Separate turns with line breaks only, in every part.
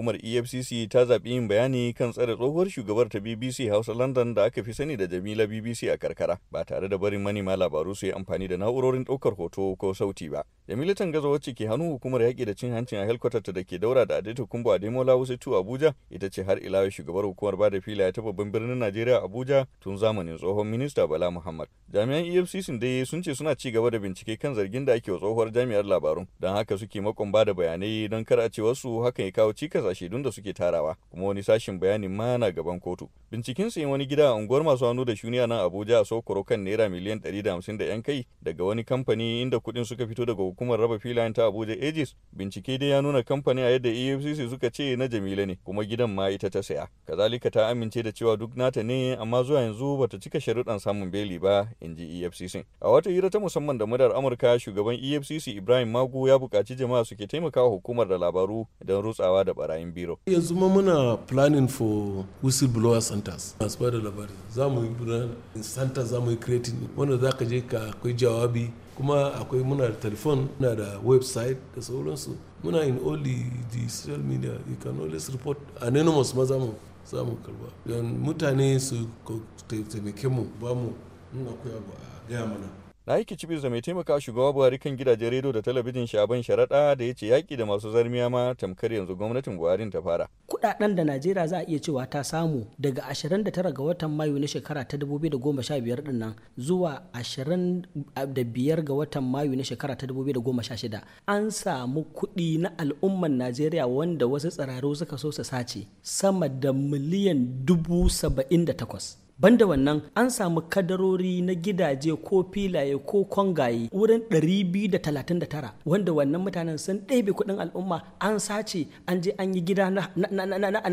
hukumar efcc ta zaɓi yin bayani kan tsare tsohuwar shugabar ta bbc hausa london da aka fi sani da jamila bbc a karkara ba tare da barin manema labaru su yi amfani da na'urorin ɗaukar hoto ko sauti ba militan Gaza wacce ke hannun hukumar yaƙi da cin hancin a helkwatarta da ke daura da Adaita Kumbo Ademola tu Abuja ita ce har ila shugabar hukumar bada filaye ta babban birnin Najeriya Abuja tun zamanin tsohon minista Bala Muhammad. Jami'an EFCC dai sun ce suna ci gaba da bincike kan zargin da ake wa tsohuwar jami'ar labarun don haka suke makon bada bayanai don kar a ce wasu hakan ya kawo cikas a shaidun da suke tarawa kuma wani sashin bayanin ma na gaban kotu. Binciken su wani gida a unguwar masu hannu da shuni a nan Abuja a Sokoro kan naira miliyan 150 da 'yan kai daga wani kamfani inda kuɗin suka fito daga hukumar raba filayen ta Abuja Aegis bincike dai ya nuna kamfani a yadda EFCC suka ce na Jamila ne kuma gidan ma ita ta saya. Kazalika ta amince da cewa duk nata ne amma zuwa yanzu bata cika sharuɗan samun beli ba in ji EFCC. A wata hira ta musamman da madar Amurka shugaban EFCC Ibrahim Magu ya buƙaci jama'a suke taimakawa hukumar da labaru don rutsawa da barayin biro.
Yanzu ma muna planning for whistleblower centers masu ba da labari za mu yi centers za yi creating wanda za ka je ka akwai jawabi kuma akwai muna da telefon muna da website da sauransu muna in all the social media you can always report anonymous ma zamu samun karba don mutane su taimake mu ba mu
nuna akwai abu a gaya mana aiki Cibiza mai taimaka shugaba Buhari kan gidajen rediyo da talabijin Shaban Sharaɗa da ya ce yaƙi da masu zarmiya ma tamkar yanzu gwamnatin Buhari ta fara.
Kuɗaɗen da Najeriya za a iya cewa ta samu daga 29 ga watan Mayu na shekara ta 2015 din nan zuwa 25 ga watan Mayu na shekara ta 2016 an samu kuɗi na al'umman Najeriya wanda wasu tsiraru suka so su sace sama da miliyan 78. banda wannan an samu kadarori na gidaje ko filaye ko kwangaye wurin 239 wanda wannan mutanen sun ɗebe kuɗin al'umma an sace an je an yi gida na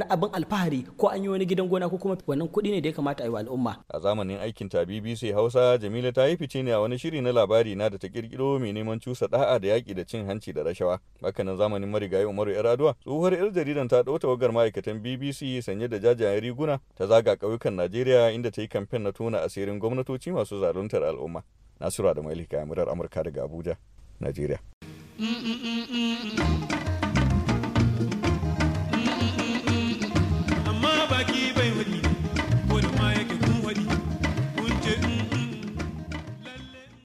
abin alfahari ko an yi wani gidan gona ko kuma wannan kuɗi ne da ya kamata a yi wa al'umma
a zamanin aikin ta bbc hausa jamila ta yi fice ne a wani shiri na labari na da ta kirkiro mai neman cusa da'a da yaƙi da cin hanci da rashawa hakanan zamanin marigayi umaru aduwa tsohuwar yar jaridan ta ɗauta wagar ma'aikatan bbc sanye da jajayen riguna ta zaga ƙauyukan najeriya inda ta yi kamfen na tona asirin gwamnatoci masu zaluntar al'umma nasura da malika murar amurka daga abuja najeriya
mm, mm, mm,